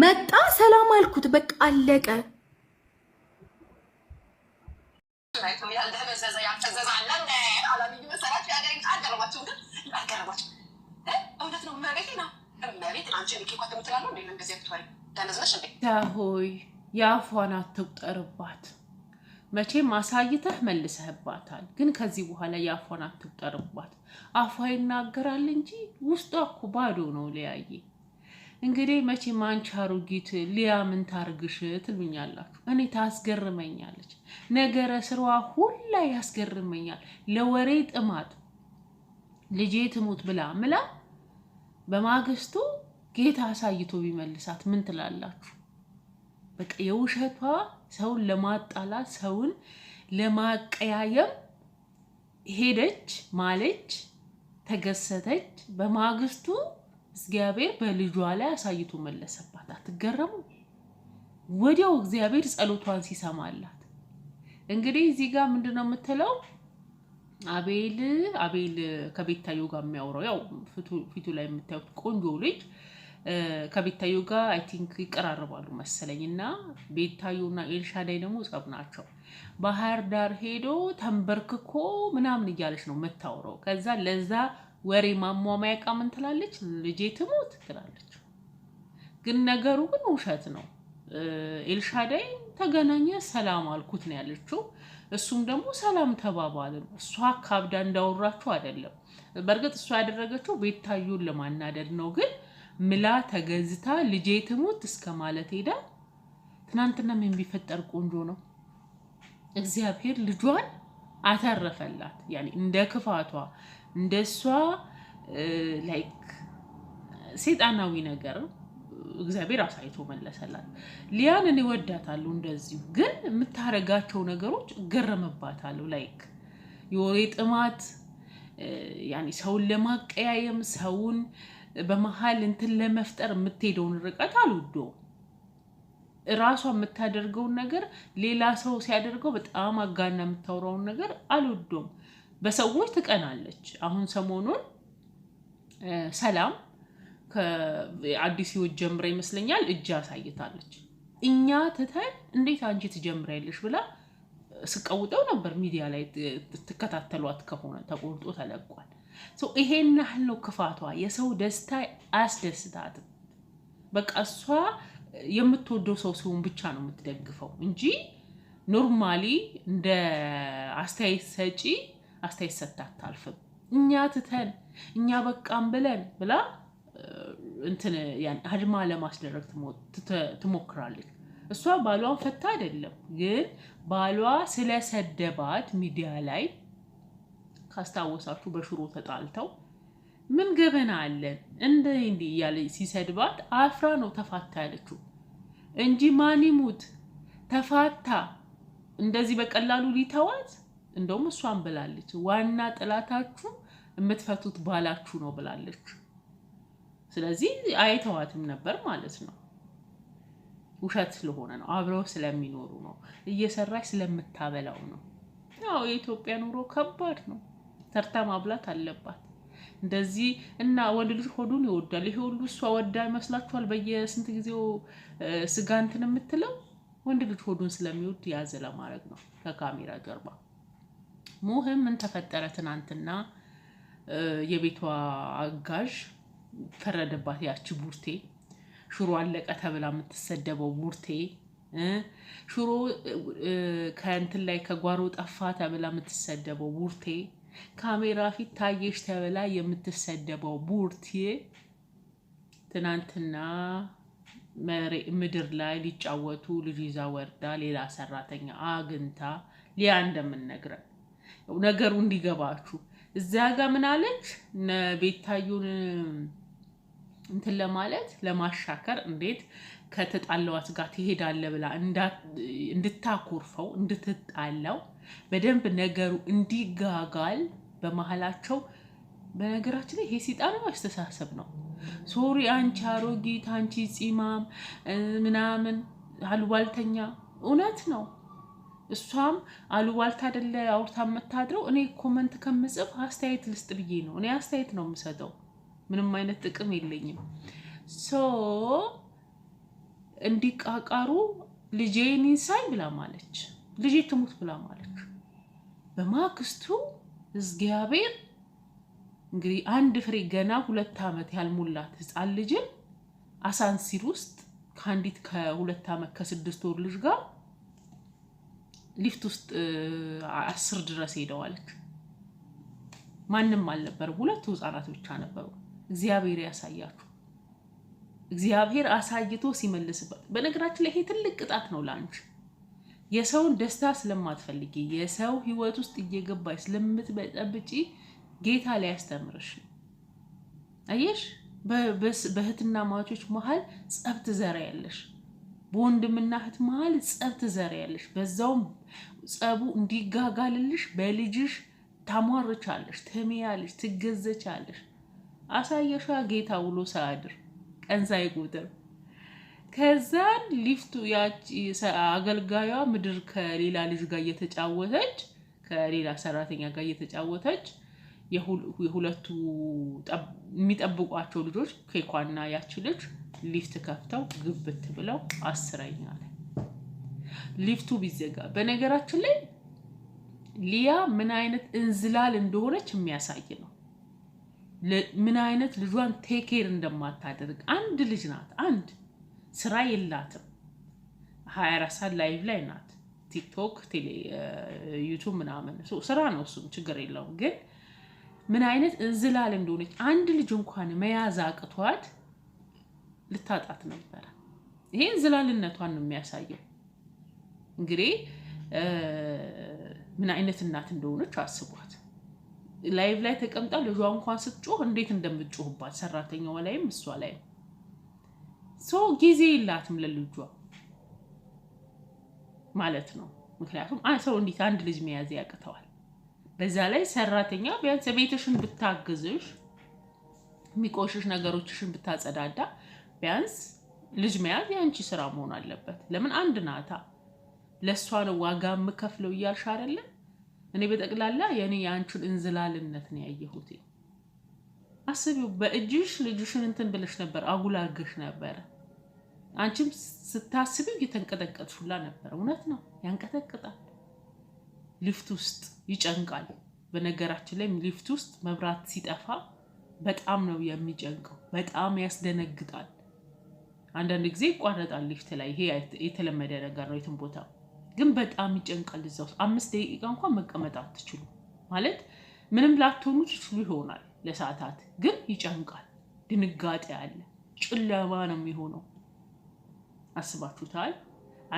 መጣ፣ ሰላም አልኩት። በቃ አለቀ። ሆይ የአፏን አትቁጠርባት። መቼም አሳይተህ መልሰህባታል፣ ግን ከዚህ በኋላ የአፏን አትቁጠርባት። አፏ ይናገራል እንጂ ውስጧ እኮ ባዶ ነው። ለያየ እንግዲህ መቼ ማንች አሮጊት ሊያ ምን ታርግሽ ትሉኛላችሁ። እኔ ታስገርመኛለች። ነገረ ስሯ ሁላ ያስገርመኛል። ለወሬ ጥማት ልጄ ትሙት ብላ ምላ በማግስቱ ጌታ አሳይቶ ቢመልሳት ምን ትላላችሁ? በቃ የውሸቷ ሰውን ለማጣላት ሰውን ለማቀያየም ሄደች ማለች፣ ተገሰተች። በማግስቱ እግዚአብሔር በልጇ ላይ አሳይቶ መለሰባት። አትገረሙ? ወዲያው እግዚአብሔር ጸሎቷን ሲሰማላት እንግዲህ እዚህ ጋር ምንድን ነው የምትለው? አቤል አቤል ከቤታዮ ጋር የሚያወራው ያው ፊቱ ላይ የምታዩት ቆንጆ ልጅ ከቤታዮ ጋር አይ ቲንክ ይቀራርባሉ መሰለኝ እና ቤታዮና ኤልሻዳይ ደግሞ ጸብ ናቸው። ባህር ዳር ሄዶ ተንበርክኮ ምናምን እያለች ነው የምታወራው። ከዛ ለዛ ወሬ ማሟማያ ዕቃ ምን ትላለች? ልጄ ትሞት ትላለች። ግን ነገሩ ግን ውሸት ነው። ኤልሻዳይ ተገናኘ ሰላም አልኩት ነው ያለችው። እሱም ደግሞ ሰላም ተባባልን። እሷ ካብዳ እንዳወራችሁ አይደለም። በእርግጥ እሷ ያደረገችው ቤታዩን ለማናደድ ነው። ግን ምላ ተገዝታ ልጄ ትሞት እስከ ማለት ሄዳ ትናንትናም የሚፈጠር ቆንጆ ነው። እግዚአብሔር ልጇን አተረፈላት። ያኔ እንደ ክፋቷ እንደሷ ላይክ ሴጣናዊ ነገር እግዚአብሔር አሳይቶ መለሰላት። ሊያን እኔ ወዳታለሁ፣ እንደዚሁ ግን የምታረጋቸው ነገሮች ገረመባታለሁ። ላይክ የወሬ ጥማት፣ ያኔ ሰውን ለማቀያየም ሰውን በመሀል እንትን ለመፍጠር የምትሄደውን ርቀት አልወዶ እራሷ የምታደርገውን ነገር ሌላ ሰው ሲያደርገው በጣም አጋና የምታወራውን ነገር አልወዶም። በሰዎች ትቀናለች። አሁን ሰሞኑን ሰላም አዲስ ህይወት ጀምራ ይመስለኛል እጅ አሳይታለች። እኛ ትተን እንዴት አንቺ ትጀምሪያለሽ ብላ ስቀውጠው ነበር ሚዲያ ላይ ትከታተሏት ከሆነ ተቆርጦ ተለቋል። ይሄን ያህል ነው ክፋቷ። የሰው ደስታ አያስደስታትም። በቃ እሷ የምትወደው ሰው ሲሆን ብቻ ነው የምትደግፈው እንጂ ኖርማሊ እንደ አስተያየት ሰጪ አስተያየት ሰጥታ አታልፍም። እኛ ትተን እኛ በቃም ብለን ብላ እንትን አድማ ለማስደረግ ትሞክራለች። እሷ ባሏን ፈታ አይደለም ግን ባሏ ስለሰደባት ሚዲያ ላይ ካስታወሳችሁ በሽሮ ተጣልተው ምን ገበና አለን እንደ እንዲ እያለ ሲሰድባት አፍራ ነው ተፋታ ያለችው እንጂ ማን ይሙት ተፋታ እንደዚህ በቀላሉ ሊተዋት እንደውም እሷን ብላለች፣ ዋና ጥላታችሁ የምትፈቱት ባላችሁ ነው ብላለች። ስለዚህ አይተዋትም ነበር ማለት ነው። ውሸት ስለሆነ ነው፣ አብረው ስለሚኖሩ ነው፣ እየሰራች ስለምታበላው ነው። ያው የኢትዮጵያ ኑሮ ከባድ ነው። ሰርታ ማብላት አለባት። እንደዚህ እና ወንድ ልጅ ሆዱን ይወዳል። ይሄ ሁሉ እሷ ወዳ ይመስላችኋል? በየስንት ጊዜው ስጋ እንትን የምትለው ወንድ ልጅ ሆዱን ስለሚወድ ያዘ ለማድረግ ነው ከካሜራ ጀርባ ሞህም ምን ተፈጠረ? ትናንትና የቤቷ አጋዥ ፈረደባት። ያቺ ቡርቴ ሽሮ አለቀ ተብላ የምትሰደበው ቡርቴ ሽሮ ከእንትን ላይ ከጓሮ ጠፋ ተብላ የምትሰደበው ቡርቴ ካሜራ ፊት ታየሽ ተብላ የምትሰደበው ቡርቴ ትናንትና ምድር ላይ ሊጫወቱ ልጅ ይዛ ወርዳ ሌላ ሰራተኛ አግኝታ ሊያ እንደምንነግረን ነገሩ እንዲገባችሁ እዚያ ጋር ምናለች ቤታዩን እንትን ለማለት ለማሻከር እንዴት ከተጣለዋት ጋር ትሄዳለ ብላ እንድታኮርፈው እንድትጣላው በደንብ ነገሩ እንዲጋጋል በመሀላቸው። በነገራችን ላይ ይሄ ሰይጣናዊ አስተሳሰብ ነው። ሶሪ አንቺ አሮጊት፣ አንቺ ፂማም ምናምን አሉባልተኛ እውነት ነው። እሷም አሉባልታ አይደለ አውርታ የምታድረው። እኔ ኮመንት ከምጽፍ አስተያየት ልስጥ ብዬ ነው። እኔ አስተያየት ነው የምሰጠው። ምንም አይነት ጥቅም የለኝም። ሶ እንዲቃቃሩ ልጄን ይንሳይ ብላ ማለች፣ ልጄ ትሙት ብላ ማለች። በማግስቱ እግዚአብሔር እንግዲህ አንድ ፍሬ ገና ሁለት ዓመት ያልሞላት ህፃን ልጅን አሳንሲር ውስጥ ከአንዲት ከሁለት ዓመት ከስድስት ወር ልጅ ጋር ሊፍት ውስጥ አስር ድረስ ሄደዋልክ ማንም አልነበርም። ሁለቱ ህፃናት ብቻ ነበሩ። እግዚአብሔር ያሳያችሁ። እግዚአብሔር አሳይቶ ሲመልስበት። በነገራችን ላይ ይሄ ትልቅ ቅጣት ነው ለአንቺ የሰውን ደስታ ስለማትፈልጊ የሰው ህይወት ውስጥ እየገባች ስለምትበጠብጪ ጌታ ሊያስተምርሽ ነው። አየሽ፣ በእህትና ማቾች መሀል ጸብ ትዘራ ያለሽ በወንድምና እህት መሀል ጸብ ትዘሪያለሽ። በዛውም ጸቡ እንዲጋጋልልሽ በልጅሽ ታሟርቻለሽ፣ ትሜያለሽ፣ ትገዘቻለሽ። አሳየሻ ጌታ ውሎ ሳያድር ቀን ሳይቆጥር ከዛን ሊፍቱ አገልጋዩዋ ምድር ከሌላ ልጅ ጋር እየተጫወተች ከሌላ ሰራተኛ ጋር እየተጫወተች የሁለቱ የሚጠብቋቸው ልጆች ኬኳና ያች ልጅ ሊፍት ከፍተው ግብት ብለው አስረኛ ሊፍቱ ቢዘጋ በነገራችን ላይ ሊያ ምን አይነት እንዝላል እንደሆነች የሚያሳይ ነው። ምን አይነት ልጇን ቴኬር እንደማታደርግ አንድ ልጅ ናት። አንድ ስራ የላትም። ሀያ አራት ሰዓት ላይቭ ላይ ናት። ቲክቶክ፣ ዩቱብ ምናምን ስራ ነው። እሱም ችግር የለውም ግን ምን አይነት እንዝላል እንደሆነች አንድ ልጅ እንኳን መያዝ አቅቷት ልታጣት ነበረ። ይሄ እንዝላልነቷን ነው የሚያሳየው። እንግዲህ ምን አይነት እናት እንደሆነች አስቧት። ላይቭ ላይ ተቀምጣ ልጇ እንኳን ስትጮህ እንዴት እንደምትጮህባት ሰራተኛዋ ላይም እሷ ላይ ሶ ጊዜ የላትም ለልጇ ማለት ነው። ምክንያቱም ሰው እንዴት አንድ ልጅ መያዝ ያቅተዋል? በዛ ላይ ሰራተኛ ቢያንስ ቤትሽን ብታግዝሽ የሚቆሽሽ ነገሮችሽን ብታጸዳዳ ቢያንስ ልጅ መያዝ የአንቺ ስራ መሆን አለበት። ለምን አንድ ናታ ለእሷ ነው ዋጋ የምከፍለው እያልሽ አይደለም። እኔ በጠቅላላ የእኔ የአንቺን እንዝላልነት ነው ያየሁት። አስቢው፣ በእጅሽ ልጅሽን እንትን ብለሽ ነበር፣ አጉላግሽ ነበረ። አንቺም ስታስቢው እየተንቀጠቀጥሽ ሁላ ነበር። እውነት ነው፣ ያንቀጠቅጣል። ሊፍት ውስጥ ይጨንቃል። በነገራችን ላይ ሊፍት ውስጥ መብራት ሲጠፋ በጣም ነው የሚጨንቀው። በጣም ያስደነግጣል። አንዳንድ ጊዜ ይቋረጣል ሊፍት ላይ። ይሄ የተለመደ ነገር ነው የትም ቦታ፣ ግን በጣም ይጨንቃል። እዛ ውስጥ አምስት ደቂቃ እንኳን መቀመጥ አትችሉ ማለት ምንም ላትሆኑ ትችሉ ይሆናል ለሰዓታት፣ ግን ይጨንቃል። ድንጋጤ አለ። ጨለማ ነው የሚሆነው። አስባችሁታል?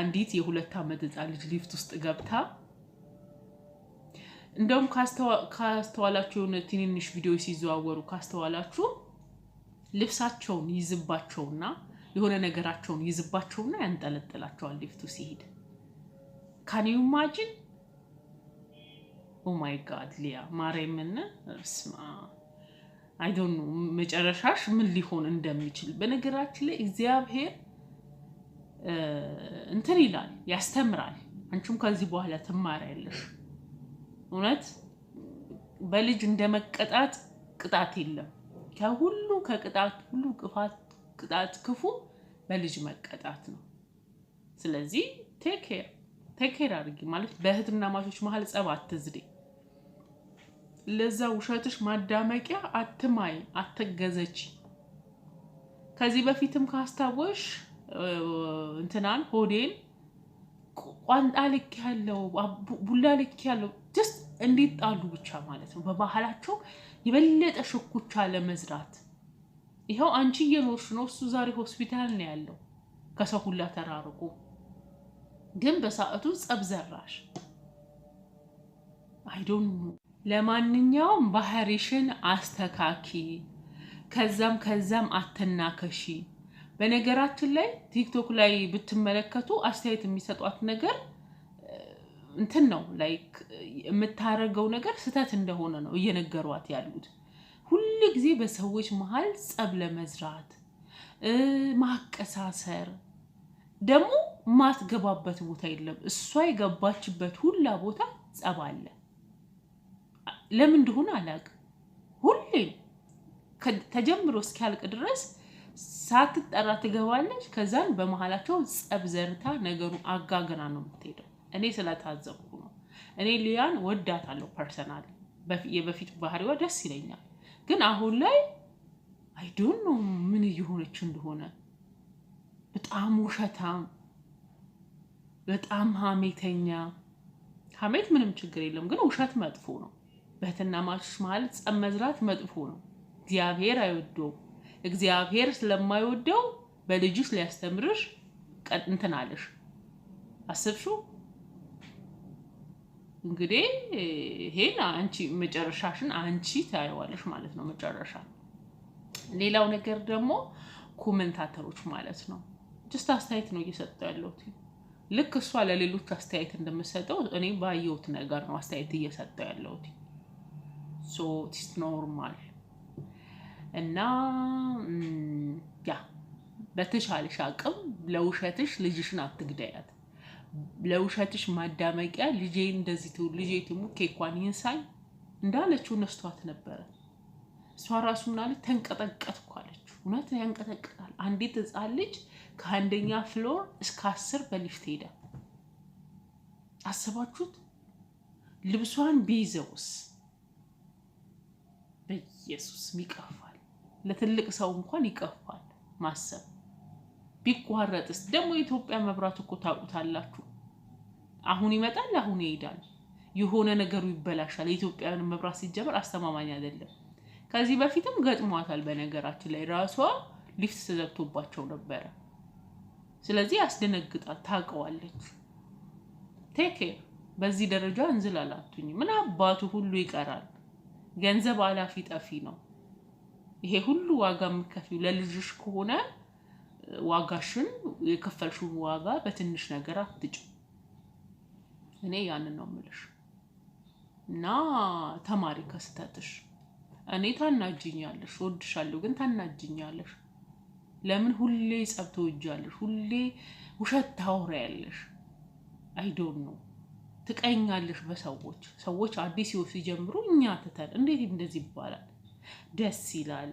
አንዲት የሁለት ዓመት ሕፃን ልጅ ሊፍት ውስጥ ገብታ እንደውም ካስተዋላችሁ የሆነ ትንንሽ ቪዲዮ ሲዘዋወሩ ካስተዋላችሁ ልብሳቸውን ይዝባቸውና የሆነ ነገራቸውን ይዝባቸውና ያንጠለጥላቸዋል ሊፍቱ ሲሄድ። ካን ዩ ኢማጂን? ኦማይ ጋድ ሊያ ማርያምን ስማ አይዶኑ መጨረሻሽ ምን ሊሆን እንደሚችል። በነገራችን ላይ እግዚአብሔር እንትን ይላል፣ ያስተምራል። አንቺም ከዚህ በኋላ ትማሪያለሽ። እውነት በልጅ እንደ መቀጣት ቅጣት የለም። ከሁሉ ከቅጣት ሁሉ ክፋት ቅጣት ክፉ በልጅ መቀጣት ነው። ስለዚህ ቴክ ኬር አድርጊ ማለት በእህትና ማቾች መሀል ጸብ አትዝዴ። ለዛ ውሸትሽ ማዳመቂያ አትማይ፣ አትገዘች። ከዚህ በፊትም ካስታወሽ እንትናን ሆዴን ቋንጣ ልክ ያለው ቡላ ልክ ያለው ጀስት እንዲጣሉ ብቻ ማለት ነው። በባህላቸው የበለጠ ሽኩቻ ለመዝራት ይኸው አንቺ እየኖርሽ ነው፣ እሱ ዛሬ ሆስፒታል ነው ያለው ከሰው ሁላ ተራርቆ፣ ግን በሰዓቱ ጸብ ዘራሽ አይዶን ለማንኛውም ባህሪሽን አስተካኪ፣ ከዛም ከዛም አትናከሺ። በነገራችን ላይ ቲክቶክ ላይ ብትመለከቱ አስተያየት የሚሰጧት ነገር እንትን ነው ላይክ የምታደርገው ነገር ስህተት እንደሆነ ነው እየነገሯት ያሉት። ሁል ጊዜ በሰዎች መሀል ጸብ ለመዝራት ማቀሳሰር፣ ደግሞ ማትገባበት ቦታ የለም። እሷ የገባችበት ሁላ ቦታ ጸብ አለ። ለምን እንደሆነ አላውቅም። ሁሌም ተጀምሮ እስኪያልቅ ድረስ ሳትጠራ ትገባለች። ከዛን በመሀላቸው ጸብ ዘርታ ነገሩ አጋግና ነው የምትሄደው። እኔ ስለታዘብኩ ነው። እኔ ሊያን ወዳታለሁ ፐርሰናል፣ የበፊት ባህሪዋ ደስ ይለኛል። ግን አሁን ላይ አይዶን ነው ምን እየሆነች እንደሆነ በጣም ውሸታም፣ በጣም ሀሜተኛ። ሀሜት ምንም ችግር የለም፣ ግን ውሸት መጥፎ ነው። በትና ማች መሀል ጸብ መዝራት መጥፎ ነው። እግዚአብሔር አይወደውም። እግዚአብሔር ስለማይወደው በልጅሽ ሊያስተምርሽ እንትን አለሽ አስብሽው እንግዲህ ይሄን አንቺ መጨረሻሽን አንቺ ታየዋለሽ ማለት ነው። መጨረሻ ሌላው ነገር ደግሞ ኮመንታተሮች ማለት ነው። ጅስት አስተያየት ነው እየሰጠው ያለሁት። ልክ እሷ ለሌሎች አስተያየት እንደምሰጠው እኔ ባየሁት ነገር ነው አስተያየት እየሰጠው ያለሁት። ሶ ኢትስ ኖርማል እና ያ በተሻለሽ አቅም ለውሸትሽ ልጅሽን አትግደያት። ለውሸትሽ ማዳመቂያ ልጄ እንደዚህ ትውል ልጄ ትሙ ኬኳን ይንሳይ እንዳለችው ነስቷት ነበረ። እሷ ራሱ ምናለች ተንቀጠቀጥኩ አለችው። እውነት ያንቀጠቅጣል። አንዲት ህፃን ልጅ ከአንደኛ ፍሎር እስከ አስር በሊፍት ሄደ። አስባችሁት። ልብሷን ቢይዘውስ በኢየሱስ ይቀፋል። ለትልቅ ሰው እንኳን ይቀፋል ማሰብ ቢቋረጥስ ደግሞ የኢትዮጵያ መብራት እኮ ታውቁታላችሁ። አሁን ይመጣል፣ አሁን ይሄዳል፣ የሆነ ነገሩ ይበላሻል። የኢትዮጵያን መብራት ሲጀመር አስተማማኝ አይደለም። ከዚህ በፊትም ገጥሟታል። በነገራችን ላይ ራሷ ሊፍት ተዘግቶባቸው ነበረ። ስለዚህ ያስደነግጣል። ታውቀዋለች። ቴክ በዚህ ደረጃ እንዝላላቱኝ ምን አባቱ ሁሉ ይቀራል። ገንዘብ አላፊ ጠፊ ነው። ይሄ ሁሉ ዋጋ የምከፊው ለልጅሽ ከሆነ ዋጋሽን የከፈልሽውን ዋጋ በትንሽ ነገር አትጭ እኔ ያንን ነው ምልሽ እና ተማሪ ከስተትሽ እኔ ታናጅኛለሽ፣ ወድሻለሁ፣ ግን ታናጅኛለሽ። ለምን ሁሌ ጸብ ትወጃለሽ? ሁሌ ውሸት ታወሪያለሽ። አይዶን ነው ትቀኛለሽ በሰዎች ሰዎች አዲስ ህይወት ሲጀምሩ እኛ ትተን እንዴት እንደዚህ ይባላል? ደስ ይላል፣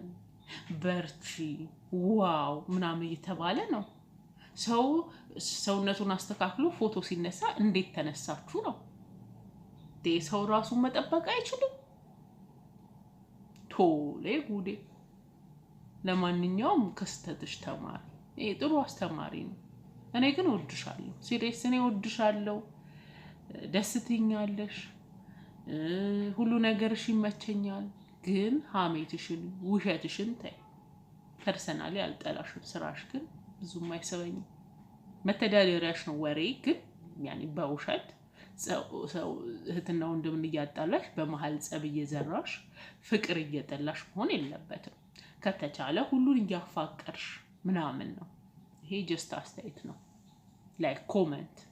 በርቺ፣ ዋው ምናምን እየተባለ ነው ሰው ሰውነቱን አስተካክሎ ፎቶ ሲነሳ እንዴት ተነሳችሁ ነው። ሰው ራሱን መጠበቅ አይችልም። ቶሌ ጉዴ። ለማንኛውም ከስተትሽ ተማሪ፣ ጥሩ አስተማሪ ነው። እኔ ግን ወድሻለሁ፣ ሲሬስ እኔ ወድሻለሁ። ደስ ሁሉ ነገርሽ ይመቸኛል። ግን ሀሜትሽን ውሸትሽን ተይ። ፐርሰናሊ አልጠላሽም፣ ስራሽ ግን ብዙም አይሰበኝም። መተዳደሪያሽ ነው ወሬ ግን ያኔ በውሸት ሰው እህትና ወንድምን እያጣላሽ በመሀል ጸብ እየዘራሽ ፍቅር እየጠላሽ መሆን የለበትም። ከተቻለ ሁሉን እያፋቀርሽ ምናምን ነው። ይሄ ጀስት አስተያየት ነው ላይክ ኮመንት